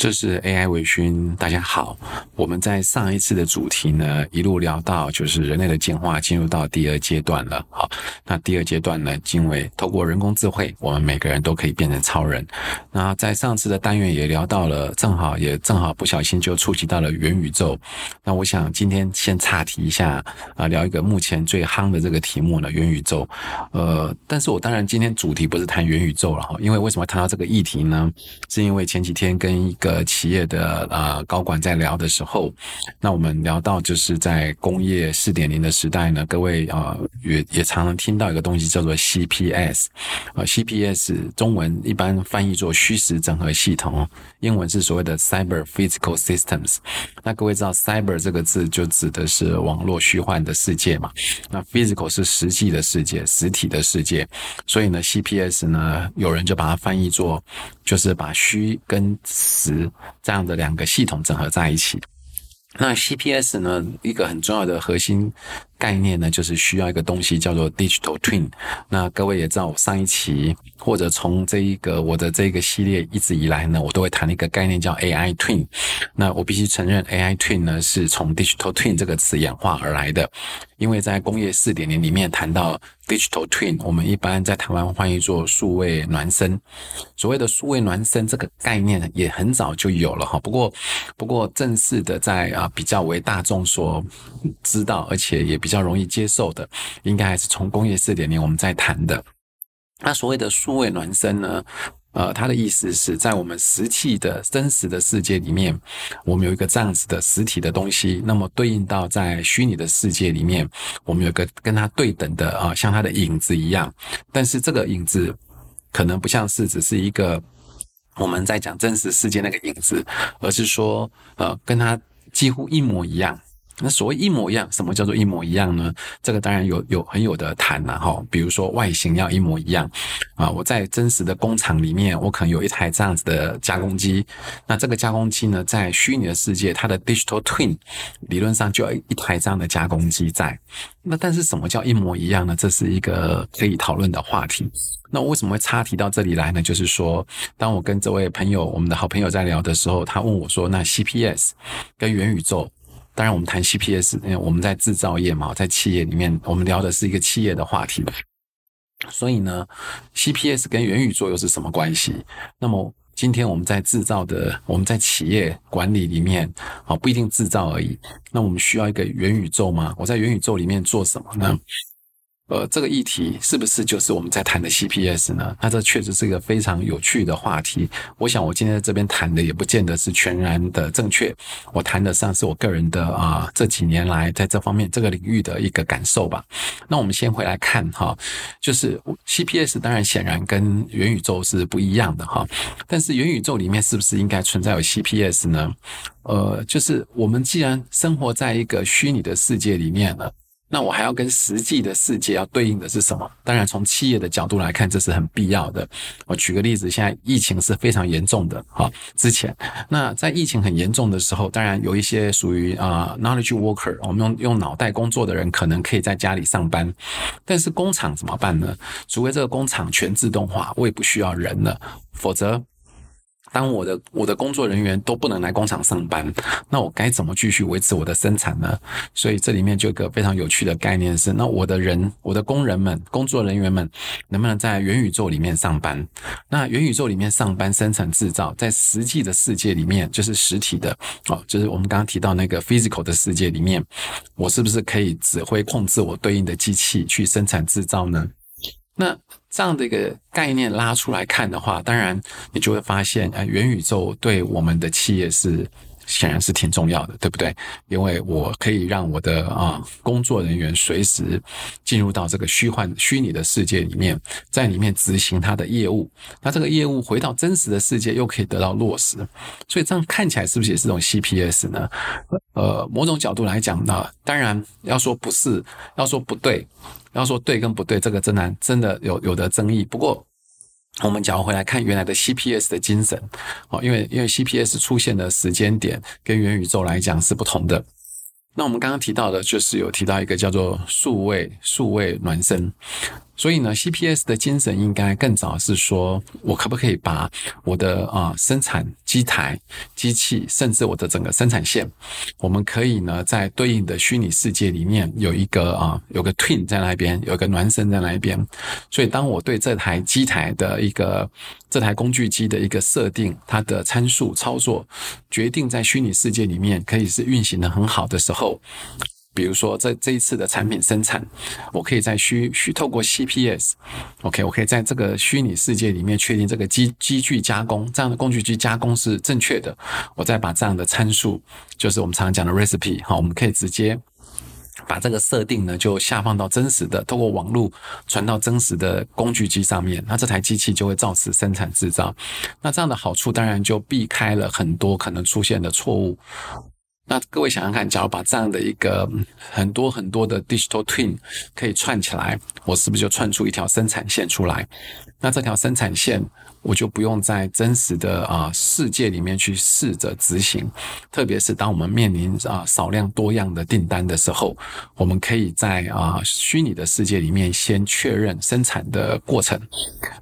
這是 AI 微醺，大家好。我們在上一次的主題呢，一路聊到就是人類的進化進入到第二階段了。好，那第二階段呢，因為透過人工智慧，我們每個人都可以變成超人。那在上次的單元也聊到了，正好也正好不小心就觸及到了元宇宙。那我想今天先岔題一下啊，聊一個目前最夯的這個題目呢，元宇宙。呃，但是我當然今天主題不是談元宇宙了哈，因為為什麼談到這個議題呢？是因為前幾天跟一個呃，企業的啊高管在聊的時候，那我們聊到就是在工業四點零的時代呢，各位啊也也常常聽到一個東西叫做 CPS，啊 CPS 中文一般翻譯做虛實整合系統。英文是所謂的 Cyber Physical Systems，那各位知道 Cyber 這個字就指的是網絡虛幻的世界嘛，那 Physical 是實際的世界，實體的世界，所以呢，CPS 呢，有人就把它翻譯作就是把虛跟實這樣的兩個系統整合在一起。那 CPS 呢，一個很重要的核心。概念呢，就是需要一個東西叫做 digital twin。那各位也知道，我上一期或者從這一個我的這個系列一直以來呢，我都會談一個概念叫 AI twin。那我必須承認，AI twin 呢是從 digital twin 這個詞演化而來的。因為在工業四點零裡面談到 digital twin，我們一般在台灣翻譯做數位孿生。所謂的數位孿生這個概念也很早就有了哈，不過不過正式的在啊比較為大眾所知道，而且也比。比較容易接受的，應該還是從工業四點零我們在談的。那所謂的數位孿生呢？呃，它的意思是在我們實際的真實的世界裡面，我們有一個這樣子的實體的東西，那麼對應到在虛擬的世界裡面，我們有一個跟它對等的啊、呃，像它的影子一樣。但是這個影子可能不像是只是一個我們在講真實世界那個影子，而是說呃，跟它幾乎一模一樣。那所謂一模一樣，什麼叫做一模一樣呢？這個當然有有很有的談了哈。比如說外形要一模一樣啊，我在真實的工廠裡面，我可能有一台這樣子的加工機，那這個加工機呢，在虛擬的世界，它的 Digital Twin 理論上就要一台這樣的加工機在。那但是什麼叫一模一樣呢？這是一個可以討論的話題。那我為什麼會插提到這裡來呢？就是說，當我跟這位朋友，我們的好朋友在聊的時候，他問我說：“那 CPS 跟元宇宙？”當然，我們談 CPS，因為我們在製造業嘛，在企業裡面，我們聊的是一個企業的話題。所以呢，CPS 跟元宇宙又是什麼關係？那麼今天我們在製造的，我們在企業管理裡面啊，不一定製造而已。那我們需要一個元宇宙嗎？我在元宇宙裡面做什麼呢？呃，這個議題是不是就是我們在談的 CPS 呢？那這確實是一個非常有趣的話題。我想我今天在這邊談的也不見得是全然的正確，我談得上是我個人的啊，呃，這幾年來在這方面這個領域的一個感受吧。那我們先回來看哈，就是 CPS 當然顯然跟元宇宙是不一樣的哈，但是元宇宙裡面是不是應該存在有 CPS 呢？呃，就是我們既然生活在一個虛擬的世界裡面了。那我還要跟實際的世界要對應的是什麼？當然，從企業的角度來看，這是很必要的。我舉個例子，現在疫情是非常嚴重的啊。之前，那在疫情很嚴重的時候，當然有一些屬於啊、呃、knowledge worker，我們用用腦袋工作的人，可能可以在家裡上班。但是工廠怎麼辦呢？除非這個工廠全自動化，我也不需要人了，否則。當我的我的工作人員都不能來工廠上班，那我該怎麼繼續維持我的生產呢？所以這裡面就有個非常有趣的概念是：那我的人、我的工人們、工作人員們，能不能在元宇宙裡面上班？那元宇宙裡面上班生產製造，在實際的世界裡面就是實體的啊、哦，就是我們剛剛提到那個 physical 的世界裡面，我是不是可以指揮控制我對應的機器去生產製造呢？那這樣的一個概念拉出來看的話，當然你就會發現，哎、呃，元宇宙對我們的企業是顯然是挺重要的，對不對？因為我可以讓我的啊、呃、工作人員隨時進入到這個虛幻虛擬的世界裡面，在裡面執行他的業務，那這個業務回到真實的世界又可以得到落實，所以這樣看起來是不是也是種 CPS 呢？呃，某種角度來講呢，當然要說不是，要說不對。要說對跟不對，這個真難，真的有有的爭議。不過，我們講回來看原來的 CPS 的精神，哦，因為因為 CPS 出現的時間點跟元宇宙來講是不同的。那我們剛剛提到的，就是有提到一個叫做數位數位孿生。所以呢，CPS 的精神應該更早是說，我可不可以把我的啊生產機台、機器，甚至我的整個生產線，我們可以呢在對應的虛擬世界裡面有一個啊有個 twin 在那邊，有個孿生在那邊。所以，當我對這台機台的一個這台工具機的一個設定、它的參數操作，決定在虛擬世界裡面可以是運行得很好的時候。比如說，這這這一次的產品生產，我可以在虛虛透過 CPS，OK，OK，我可以在這個虛擬世界裡面確定這個機機具加工這樣的工具機加工是正確的。我再把這樣的參數，就是我們常常講的 recipe，好，我們可以直接把這個設定呢就下放到真實的，透過網絡傳到真實的工具機上面。那這台機器就會照此生產製造。那這樣的好處當然就避開了很多可能出現的錯誤。那各位想想看，假如把這樣的一個很多很多的 Digital Twin 可以串起來，我是不是就串出一條生產線出來？那這條生產線我就不用在真實的啊世界裡面去試着執行，特別是當我們面臨啊少量多樣的訂單的時候，我們可以在啊虛擬的世界裡面先確認生產的過程。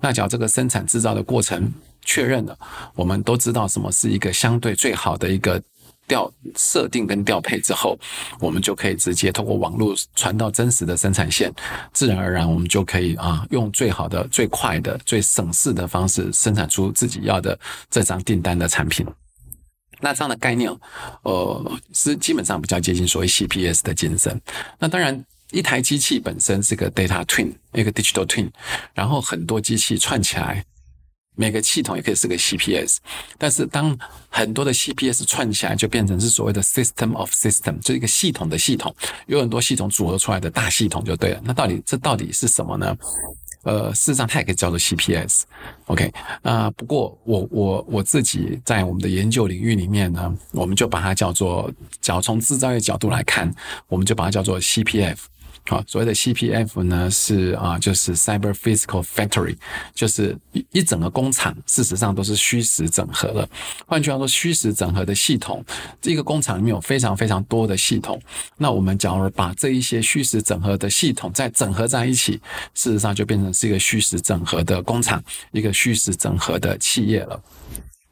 那假如這個生產製造的過程確認了，我們都知道什麼是一個相對最好的一個。調設定跟調配之後，我們就可以直接通過網絡傳到真實的生產線，自然而然我們就可以啊，用最好的、最快的、最省事的方式生產出自己要的這張訂單的產品。那這樣的概念，呃，是基本上比較接近所謂 CPS 的精神。那當然，一台機器本身是個 data twin，一個 digital twin，然後很多機器串起來。每個系統也可以是個 CPS，但是當很多的 CPS 串起來，就變成是所謂的 system of system，就一個系統的系統，有很多系統組合出來的大系統就對了。那到底這到底是什麼呢？呃，事實上它也可以叫做 CPS，OK。那、okay, 呃、不過我我我自己在我們的研究領域裡面呢，我們就把它叫做，要從製造業角度來看，我們就把它叫做 CPF。好，所謂的 CPF 呢，是啊，就是 Cyber Physical Factory，就是一整個工廠，事實上都是虛實整合了。換句話說，虛實整合的系統，這個工廠裡面有非常非常多的系統。那我們假如把這一些虛實整合的系統再整合在一起，事實上就變成是一個虛實整合的工廠，一個虛實整合的企業了。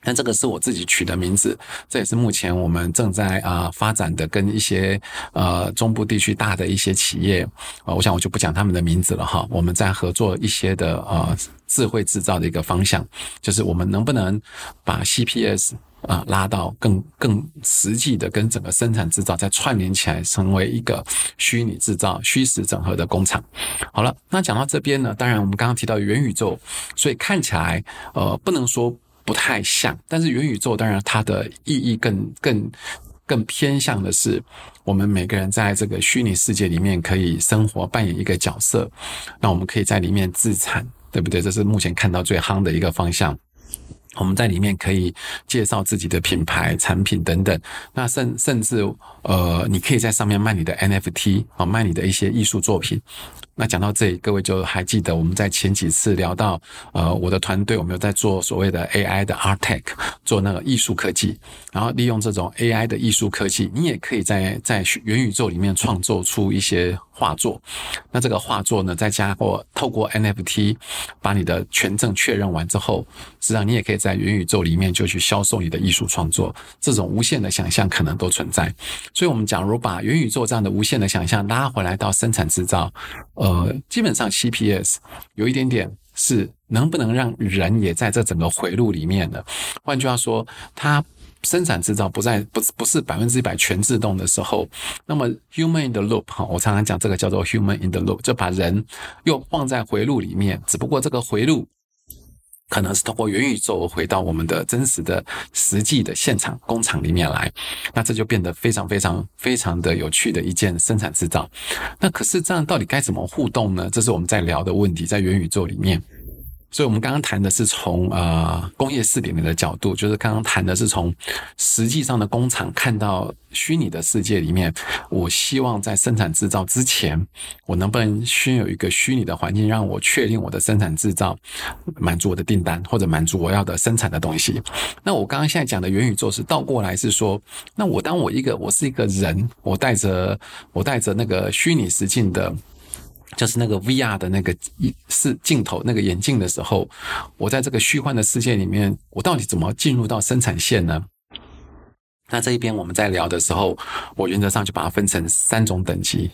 但這個是我自己取的名字，這也是目前我們正在啊發展的跟一些呃中部地區大的一些企業啊，我想我就不講他們的名字了哈。我們在合作一些的呃智慧製造的一個方向，就是我們能不能把 CPS 啊拉到更更實際的跟整個生產製造再串聯起來，成為一個虛擬製造虛實整合的工廠。好了，那講到這邊呢，當然我們剛剛提到的元宇宙，所以看起來呃不能說。不太像，但是元宇宙當然它的意義更更更偏向的是，我們每個人在這個虛擬世界裡面可以生活扮演一個角色，那我們可以在裡面自產，對不對？這是目前看到最夯的一個方向。我們在裡面可以介紹自己的品牌、產品等等，那甚甚至呃，你可以在上面賣你的 NFT 啊，賣你的一些藝術作品。那講到這裡，各位就還記得我們在前幾次聊到，呃，我的團隊我們有在做所謂的 AI 的 Art Tech，做那個藝術科技，然後利用這種 AI 的藝術科技，你也可以在在元宇宙裡面創作出一些畫作。那這個畫作呢，再加，過透過 NFT 把你的權證確認完之後，實際上你也可以在元宇宙裡面就去銷售你的藝術創作。這種無限的想象可能都存在。所以，我們假如把元宇宙這樣的無限的想象拉回來到生產製造，呃呃，基本上 CPS 有一點點是能不能讓人也在這整個回路裡面的。換句話說，它生產製造不在不不是百分之一百全自動的時候，那麼 human in the loop 哈，我常常講這個叫做 human in the loop，就把人又放在回路裡面，只不過這個回路。可能是通過元宇宙回到我們的真實的、實際的現場工廠裡面來，那這就變得非常、非常、非常的有趣的一件生產制造。那可是這樣到底該怎麼互動呢？這是我們在聊的問題，在元宇宙裡面。所以，我們剛剛談的是從呃工業四點零的角度，就是剛剛談的是從實際上的工廠看到虛擬的世界裡面。我希望在生產制造之前，我能不能先有一個虛擬的環境，讓我確定我的生產制造滿足我的訂單，或者滿足我要的生產的東西。那我剛剛現在講的元宇宙是倒過來，是說，那我當我一個我是一個人，我帶着我帶着那個虛擬實境的。就是那個 VR 的那個視鏡頭那個眼鏡的時候，我在這個虛幻的世界裡面，我到底怎麼進入到生產線呢？那這一邊我們在聊的時候，我原則上就把它分成三種等級。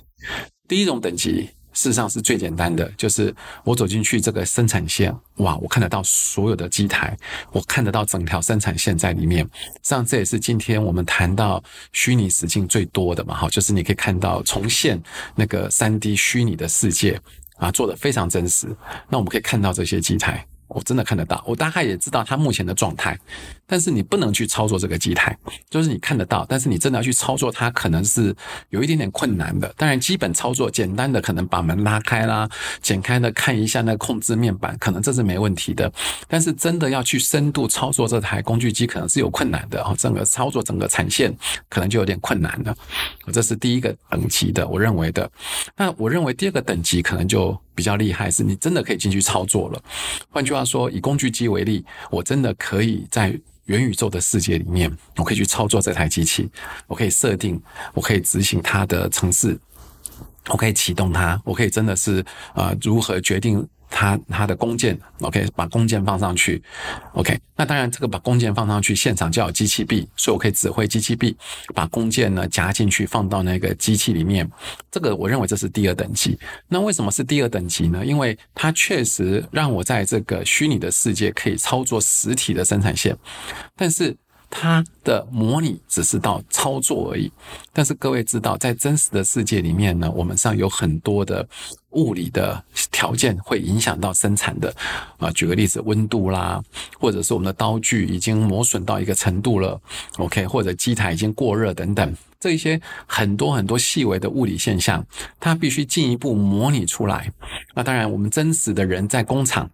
第一種等級，事實上是最簡單的，就是我走進去這個生產線，哇，我看得到所有的機台，我看得到整條生產線在裡面。像這也是今天我們談到虛擬實境最多的嘛，好，就是你可以看到重現那個三 D 虛擬的世界，啊，做得非常真實。那我們可以看到這些機台。我真的看得到，我大概也知道它目前的狀態，但是你不能去操作這個機台，就是你看得到，但是你真的要去操作它，可能是有一點點困難的。當然，基本操作簡單的，可能把門拉開啦、剪開的，看一下那控制面板，可能這是沒問題的。但是真的要去深度操作這台工具機，可能是有困難的哦。整個操作整個產線可能就有點困難了。這是第一個等級的，我認為的。那我認為第二個等級可能就。比較厲害是，你真的可以進去操作了。換句話說，以工具機為例，我真的可以在元宇宙的世界裡面，我可以去操作這台機器，我可以設定，我可以執行它的程式，我可以啟動它，我可以真的是呃，如何決定。他他的工件，OK，把工件放上去，OK。那當然，這個把工件放上去，現場就有機器臂，所以我可以指揮機器臂把工件呢夾進去，放到那個機器裡面。這個我認為這是第二等級。那為什麼是第二等級呢？因為它確實讓我在這個虛擬的世界可以操作實體的生產線，但是。它的模擬只是到操作而已，但是各位知道，在真實的世界裡面呢，我們上有很多的物理的條件會影響到生產的啊。舉個例子，溫度啦，或者是我們的刀具已經磨損到一個程度了，OK，或者機台已經過熱等等，這一些很多很多細微的物理現象，它必須進一步模擬出來。那當然，我們真實的人在工廠。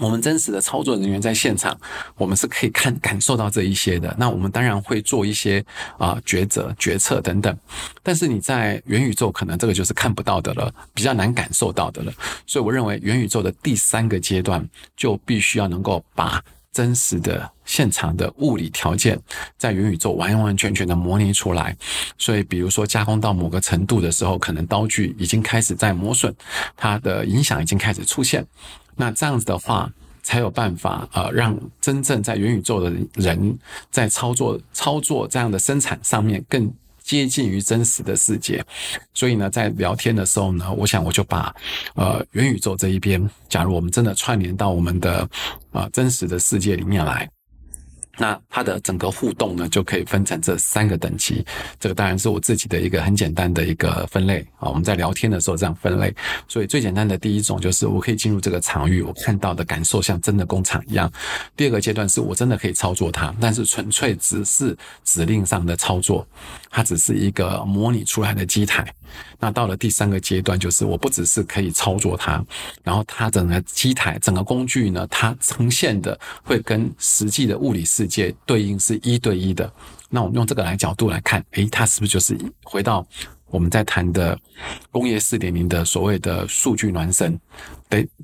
我們真實的操作人員在現場，我們是可以看感受到這一些的。那我們當然會做一些啊、呃、抉擇、決策等等。但是你在元宇宙，可能這個就是看不到的了，比較難感受到的了。所以我認為，元宇宙的第三個階段，就必須要能夠把真實的現場的物理條件在元宇宙完完全全的模擬出來。所以，比如說加工到某個程度的時候，可能刀具已經開始在磨損，它的影響已經開始出現。那這樣子的話，才有辦法呃讓真正在元宇宙的人在操作操作這樣的生產上面更接近於真實的世界。所以呢，在聊天的時候呢，我想我就把呃元宇宙這一邊，假如我們真的串聯到我們的啊、呃、真實的世界裡面來。那它的整個互動呢，就可以分成這三個等級。這個當然是我自己的一個很簡單的一個分類啊。我們在聊天的時候這樣分類。所以最簡單的第一種就是我可以進入這個場域，我看到的感受像真的工廠一樣。第二個階段是我真的可以操作它，但是純粹只是指令上的操作，它只是一個模擬出來的機台。那到了第三個階段，就是我不只是可以操作它，然後它整個機台、整個工具呢，它呈現的會跟實際的物理世界對應是一對一的。那我們用這個來角度來看，誒，它是不是就是回到我們在談的工業四點零的所謂的數據孿生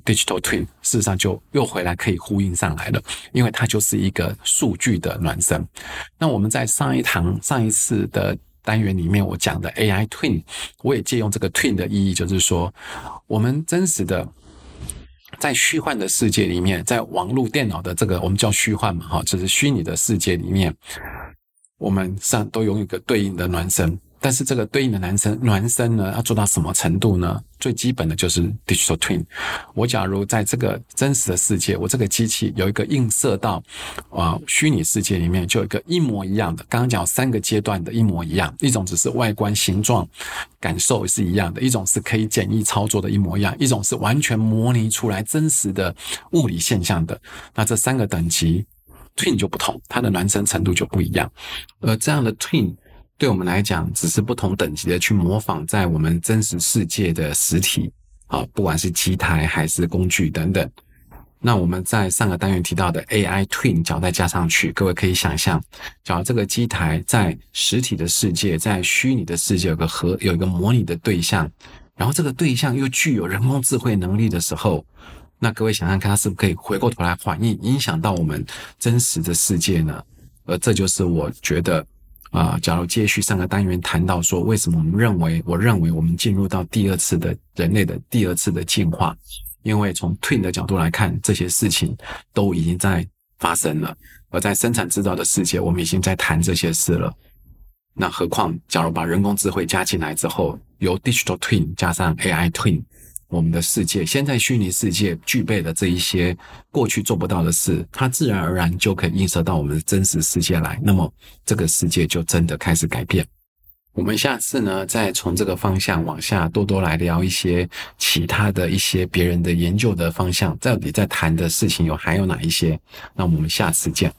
（digital twin）？事實上，就又回來可以呼應上來了，因為它就是一個數據的孿生。那我們在上一堂、上一次的。單元裡面我講的 AI Twin，我也借用這個 Twin 的意義，就是說，我們真實的在虛幻的世界裡面，在網絡電腦的這個我們叫虛幻嘛，哈，就是虛擬的世界裡面，我們上都擁有一個對應的孿生。但是這個對應的孿生孿生呢，要做到什麼程度呢？最基本的就是 digital twin。我假如在這個真實的世界，我這個機器有一個映射到啊、呃、虛擬世界裡面，就有一個一模一樣的。剛剛講三個階段的一模一樣，一種只是外觀形狀感受是一樣的，一種是可以簡易操作的一模一樣，一種是完全模擬出來真實的物理現象的。那這三個等級 twin 就不同，它的孿生程度就不一樣。而這樣的 twin。對我們來講，只是不同等級的去模仿在我們真實世界的實體啊，不管是機台還是工具等等。那我們在上個單元提到的 AI Twin，假如再加上去，各位可以想象，假如這個機台在實體的世界，在虛擬的世界有個和有一個模擬的對象，然後這個對象又具有人工智慧能力的時候，那各位想想看，它是不是可以回過頭來反應，影響到我們真實的世界呢？而這就是我覺得。啊，假如接續上個單元談到說，為什麼我們認為，我認為我們進入到第二次的人類的第二次的進化，因為從 Twin 的角度來看，這些事情都已經在發生了，而在生產製造的世界，我們已經在談這些事了，那何況假如把人工智慧加進來之後，由 Digital Twin 加上 AI Twin。我們的世界，現在虛擬世界具備的這一些過去做不到的事，它自然而然就可以映射到我們的真實世界來，那麼這個世界就真的開始改變。我們下次呢，再從這個方向往下多多來聊一些其他的一些別人的研究的方向，到底在談的事情有還有哪一些？那我們下次見。